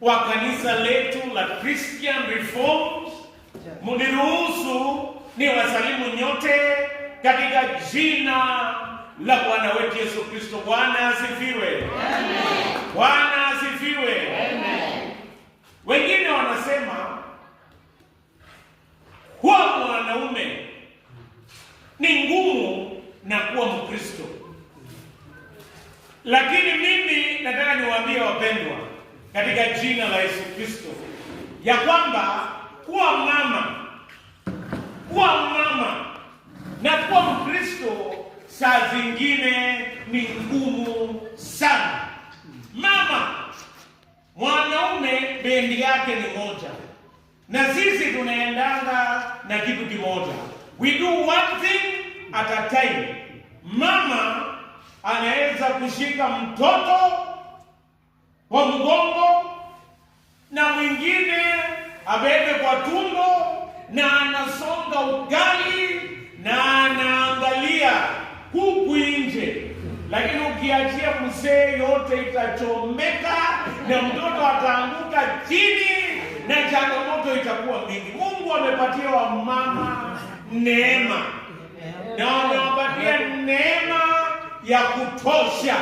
wa kanisa letu la Christian Reformed, mniruhusu ni wasalimu nyote katika jina la Bwana wetu Yesu Kristo. Bwana asifiwe. Amen. Bwana asifiwe. Amen. Wengine wanasema kuwa mwanaume ni ngumu na kuwa Mkristo, lakini mimi nataka niwaambie wapendwa katika jina la Yesu Kristo, ya kwamba kuwa mama kuwa mama na kuwa Mkristo saa zingine ni ngumu sana. Mama mwanaume bendi yake ni moja, na sisi tunaendanga na kitu kimoja, we do one thing at a time. Mama anaweza kushika mtoto kwa mgongo na mwingine abebe kwa tumbo, na anasonga ugali na anaangalia huku nje, lakini ukiachia mzee, yote itachomeka na mtoto ataanguka chini na changamoto itakuwa mingi. Mungu amepatia wamama neema na amewapatia neema ya kutosha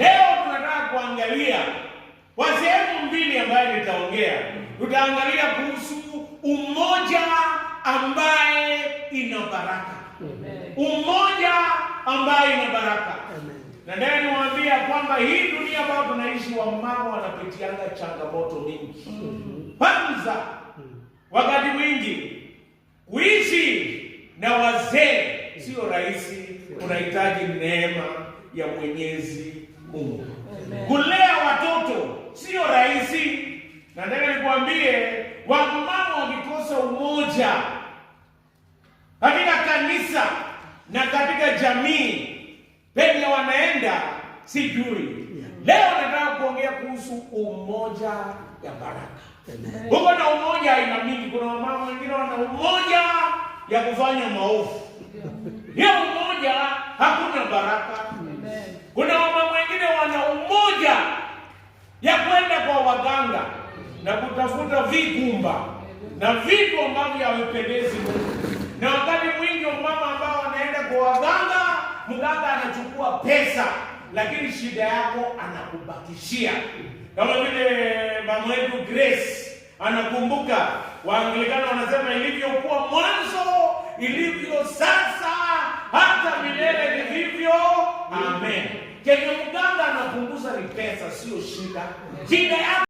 leo kuangalia kwa sehemu mbili ambayo nitaongea, tutaangalia kuhusu umoja ambaye ina baraka, umoja ambaye ina baraka. Na ndiye niwaambia kwamba hii dunia ambayo tunaishi, wamama wanapitianga changamoto mingi mm-hmm. Kwanza mm-hmm. wakati mwingi kuishi na wazee sio rahisi, unahitaji neema ya Mwenyezi Mungu. Kulea watoto sio rahisi. Nataka nikuambie wamama wakikosa umoja katika kanisa na katika jamii penye wanaenda sijui. Leo nataka kuongea kuhusu umoja ya baraka. Huko na umoja aina mingi. Kuna wamama wengine wana umoja ya kufanya maovu. Hiyo umoja hakuna baraka. Kuna waganga na kutafuta vigumba na vitu ambavyo yawependezi Mungu. Na wakati mwingi mama ambao wanaenda kwa waganga, mganga anachukua pesa, lakini shida yako anakubakishia. Kama vile mama wetu Grace anakumbuka, Waanglikana wanasema ilivyokuwa mwanzo ilivyo sasa hata milele ilivyo, amen. Kenye mganga anapunguza ni pesa, sio shida. Shida yako